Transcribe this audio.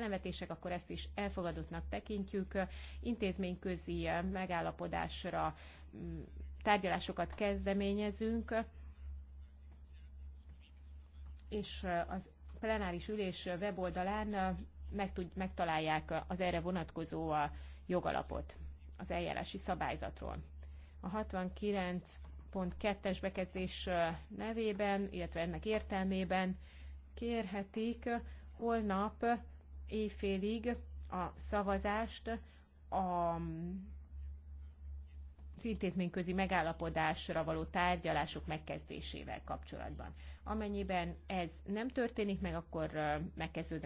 elemetések, akkor ezt is elfogadottnak tekintjük. Intézményközi eh, megállapodásra mm, tárgyalásokat kezdeményezünk, és eh, az plenáris ülés weboldalán eh, meg tud, megtalálják az erre vonatkozó jogalapot az eljárási szabályzatról. A 69.2-es bekezdés nevében, illetve ennek értelmében kérhetik holnap éjfélig a szavazást a az intézményközi megállapodásra való tárgyalások megkezdésével kapcsolatban. Amennyiben ez nem történik meg, akkor megkezdődnek